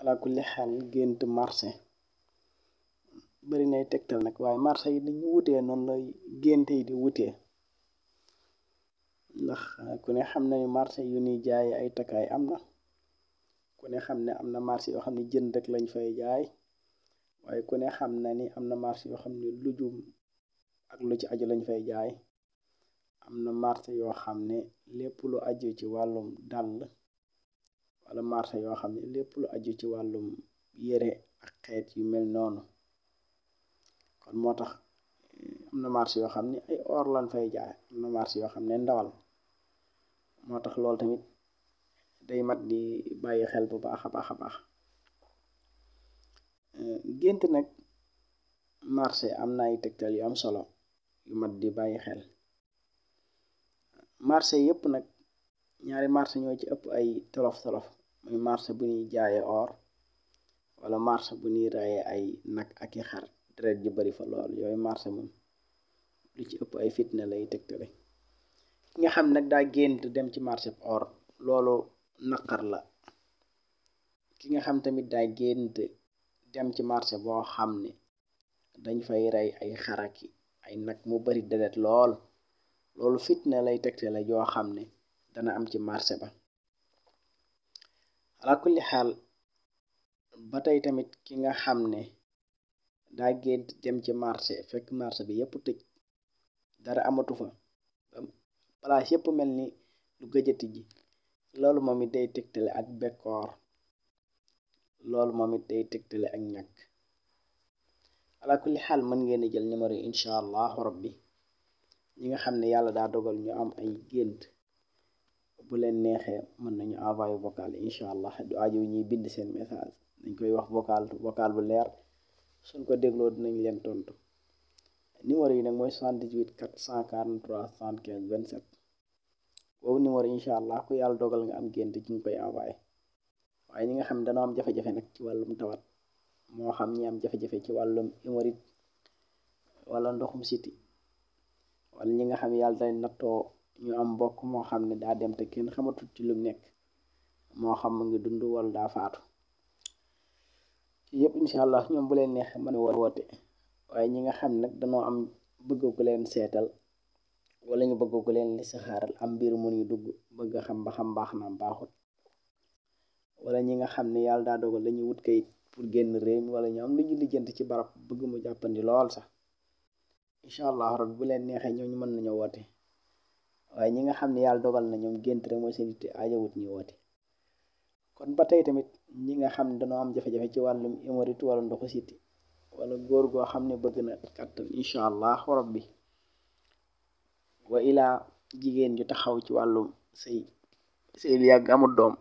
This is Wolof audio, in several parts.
alakulli xaal gént marché bari nay tegtal nag waaye marché yi ni ñu wutee noonu lay génte yi di wutee ndax ah, ku ne xam ne marché yu ni jaaye ay takkaay am na ku xam ne am na marché yoo xam ne jën rek lañ fay jaay waaye ku ne xam na ni am na marché yoo xam ne lujum ak lu ci aju lañ fay jaay am na marché yoo xam ne lépp lu aju ci wàllum dàll wala marché yoo xam ne lépp lu aju ci wàllum yére ak xeet yu mel noonu kon moo tax eh, am na marché yoo xam ni ay or lan fay jaar am na marché yoo xam ne ndawal moo tax loolu tamit day mat di bàyyi xel bu baax a baax a baax eh, gént nag marché am na ay tegtal yu am solo yu mat di bàyyi xel marché yépp nag ñaari marché ñoo ci ëpp ay tolof tolof muy marse bu ñuy jaaye or wala marse bu ñuy reyee ay nag aki i xar deret ji bari fa lool yooyu marse moom lu ci ëpp ay fitne lay tegtale ki nga xam nag daa dem ci marse bu or loolu naqar la ki nga xam tamit daa gént dem ci marse boo xam ne dañ fay rey ay xaraki ay nag mu bari deret lool loolu fitna lay tegtale joo xam ne dana am ci marse ba alaakulli xaal ba tey tamit ki nga xam ne daa gént dem ci marché fekk marché bi yëpp tëj dara amatu fa palaas yëpp mel ni lu gëjati ji loolu moom it day tegtale ak bekkoor loolu moom it day tegtale ak ñag ñàkk alaakulli xaal mën ngeen jël numéro yi incha allahu rabbi ñi nga xam ne yàlla daa dogal ñu am ay gént bu leen neexee mën nañu envoyé vocal incha allah du aajow ñuy bind seen message dañ koy wax vocal vocal bu leer suñ ko dégloo nañ leen tontu numéro yi nag mooy 78 443 75 27 boobu numéro incha allah ko yàlla dogal nga am gént ci ñu koy envoyé waaye ñi nga xam danoo am jafe nag ci wàllum tawat moo xam ñi am jafe-jafe ci wàllum hémorroïde wala ndoxum siti wala ñi nga xam yàlla day nattoo ñu am mbokk moo xam ne daa dem te kenn xamatut ci lu nekk moo xam mu ngi dund wala daa faatu ci yëpp incha allah ñoom bu leen neexee mën a woote waaye ñi nga xam nag danoo am bëgg ku leen seetal wala ñu bëgg ku leen listixaaral am mbir mu ñu dugg bëgg xam ba xam baax naam baaxut wala ñi nga xam ne yàlla daa dogal dañuy wut kayit pour génn réew mi wala ñu am lu ñu lijjant ci barab bëgg mu jàppandi lool sax incha allah rabbi bu leen neexee ñu mën nañoo woote waaye ñi nga xam ne yàlla dogal na ñoom gént mooy seen itte ajawut ñu woote kon ba tey tamit ñi nga xam ne dañoo am jafe-jafe ci wàllum hémorroïde wala ndoxu siti wala góor goo xam ne bëgg na kàttan incha allah rabbi wa ilaa jigéen ju taxaw ci wàllum sëy sëy lu amut doom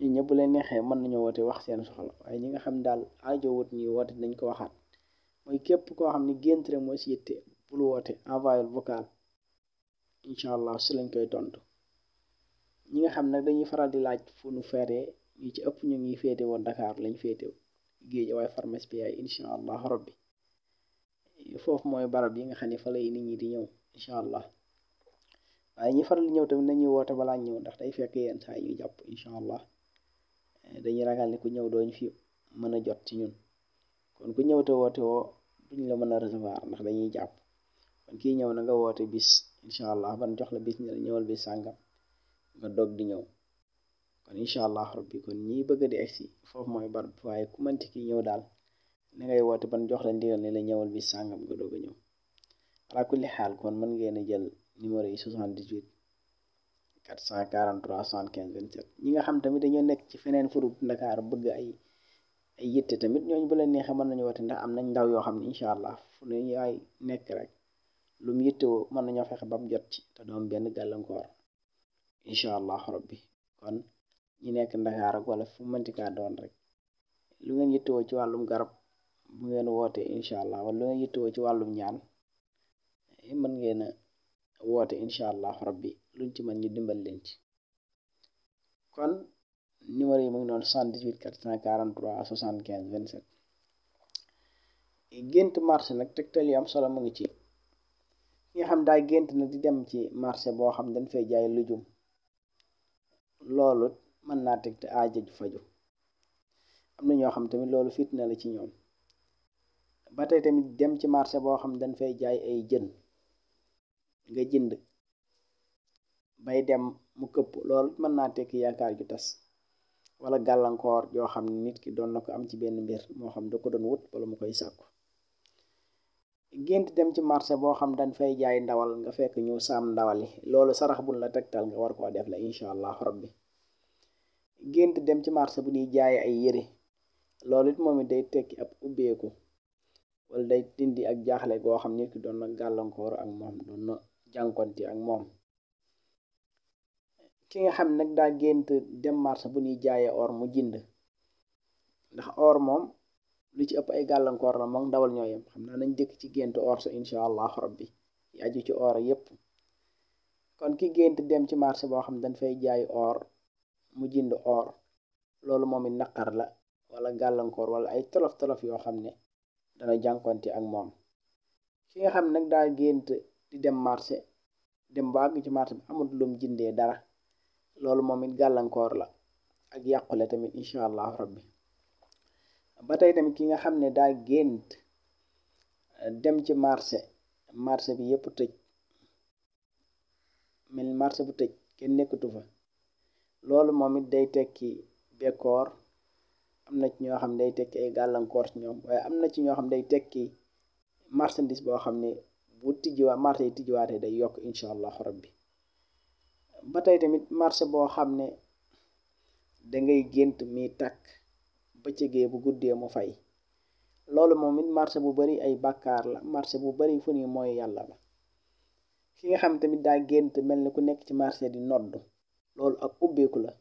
ñu ñëpp leen neexee mën nañu woote wax seen soxla waaye ñi nga xam daal ajowut ñuy woote dañ ko waxaat mooy képp koo xam ne gént rek mooy si yitte bul woote envoyé vocal incha allah si lañ koy tontu ñi nga xam nag dañuy faral di laaj fu nu feeree ñu ci ëpp ñu ngi féete woon Dakar lañ féete géej waaye pharmacie bi yaay incha allah rabbi foofu mooy barab yi nga xam ne fa lay nit ñi di ñëw incha allah waaye ñi faral di ñëw tamit nañuy woote balaa ñëw ndax day fekk yenn saa ñuy jàpp incha allah dañuy ragal ni ku ñëw dooñ fi mën a jot ci ñun kon ku ñëw te woote woo duñ la mën a recevoir ndax dañuy jàpp kon kii ñëw na nga woote bis incha allah ban jox la bis ne la ñëwal bi sàngam nga dog di ñëw kon incha allah rabbi kon ñii bëgg di egsi foofu mooy bar waaye ku mënti ki ñëw daal ni ngay woote ban jox la ndigal ne la ñëwal bi sàngam nga doog a ñëw ala kulli xaal kon mën ngeen a jël numéro yi 78 443 75 27 ñi nga xam tamit dañoo nekk ci feneen furub Ndakaar bëgg ay ay yitte tamit ñooñu bu leen neexee mën nañu woote ndax am nañ ndaw yoo xam ne incha allah fu ne ñu yaay nekk rek lu mu yittewoo mën nañoo fexe ba mu jot ci te doom benn gàllankoor incha allah rabbi kon ñi nekk Ndakaar ak wala fu mënti kaa doon rek lu ngeen yittewoo ci wàllum garab mu ngeen wootee incha allah wala lu ci wàllum ñaan eh, mën ngeen a woote incha allah rabbi luñ ci mën ñi dimbal leen ci kon numéro yi mu ngi noonu 78 443 75 27 gënt mars nag tegtal yi am solo mu ngi ci ki nga xam daa gént na di dem ci marché boo xam dañ fay jaay lujum loolu mën naa teg te aaja ju faju am na ñoo xam tamit loolu fitna la ci ñoom ba tey tamit dem ci marché boo xam dañ fay jaay ay jën nga jënd bay dem mu këpp lool mën naa tekk yaakaar ju tas wala gàllankoor yoo xam ne nit ki doon na ko am ci benn mbir moo xam da ko doon wut wala mu koy sàkku gént dem ci marché boo xam dañ fay jaay ndawal nga fekk ñu saam ndawal loolu sarax bun la tegtal nga war koo def la incha allah rabbi gént dem ci marché bu nuy jaay ay yére loolu it moom it day tekki ab ubbeeku wala day dindi ak jaaxle goo xam nit ki doon na gàllankoor ak moom doon na jànkonte ak moom ki nga xam nag daa gént dem marché bu nuy jaayee or mu jënd ndax or moom li ci ëpp ay gàllankoor la moom ndawal ñoo yem xam naa nañ dëkk ci gént or sa incha allahu rabbi yi aju ci oor yépp kon ki gént dem ci marché boo xam dañ fay jaay or mu jënd or loolu moom it naqar la wala gàllankoor wala ay tolof-tolof yoo xam ne dana jànkonte ak moom ki nga xam nag daa gént di dem marché dem ba àgg ci marché bi amul lum jëndee dara loolu moom it gàllankoor la ak yàqu yàqule tamit incha allahu rabbi ba tey tamit ki nga xam ne daa gént dem ci marché marché bi yëpp tëj mel marché bu tëj kenn nekkatu fa loolu moom it day tekki bekkoor am na ci ñoo xam day tekki ay gàllankoor ci ñoom waaye am na ci ñoo xam day tekki marchandise boo xam ne bu tijjiwaa marché yi tijjiwaatee day yokk incha allahu rabbi ba tey tamit marché boo xam ne dangay gént mi takk ba bëccëgee bu guddee mu fay loolu moom it marché bu bari ay bàkkaar la marché bu bari fu ni mooy yàlla la ki nga xam tamit daa gént mel ni ku nekk ci marché di nodd loolu ak ubbeeku la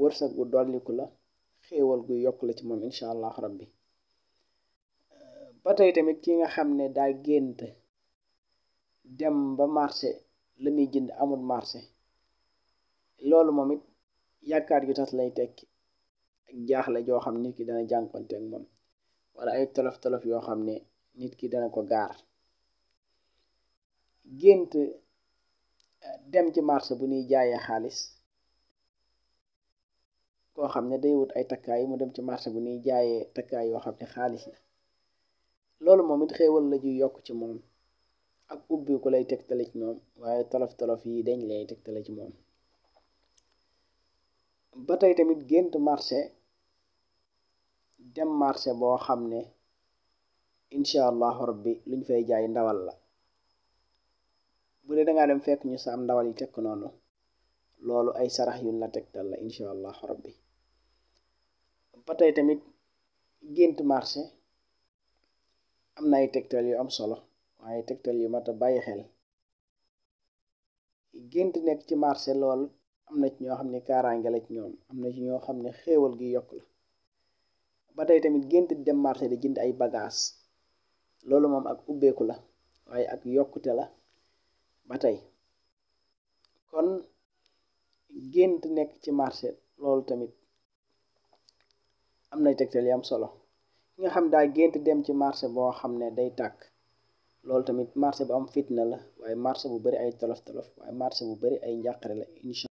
wërsëg gu dolliku la xéewal gu yokk la ci moom incha allah rabbi ba tey tamit ki nga xam ne daa gént dem ba marché la muy jënd amul marché loolu moom it yaakaar ju tas lay tekki ak jaaxle joo xam nit ki dana jànkonteeg moom wala ay tolof-tolof yoo xam ne nit ki dana ko gaar gént eh, dem ci marché bu nuy jaayee xaalis koo xam ne day wut ay takkaay mu dem ci marché bu ñuy jaayee takkaay yoo xam ne xaalis la loolu moom it xéewal la juy yokk ci moom ak ubbi ku lay tegtale ci moom waaye tolof-tolof yi dañ lay tegtale ci moom ba tey tamit gént marché dem marché boo xam ne inshaallahu rabbi luñ fay jaay ndawal la bu dee dangaa dem fekk ñu sa am ndawal yi tekk noonu loolu ay sarax yun la tegtal la inshaallahu rabbi ba tey tamit gént marché am na ay tegtal yu am solo waaye tegtal yu mata bàyyi xel gént nekk ci marché loolu am na ci ñoo xam ne kaaraange ci ñoom am na ci ñoo xam ne xéewal gi yokk la ba tey tamit gént dem marché di jënd ay bagaas loolu moom ak ubbeeku la waaye ak yokkute la ba tey kon gént nekk ci marché loolu tamit am na tegtal yi am solo ki nga xam daa gént dem ci marché boo xam ne day tàkk loolu tamit marché bu am fitna la waaye marché bu bari ay tolof tolof waaye marché bu bari ay njàqare la incha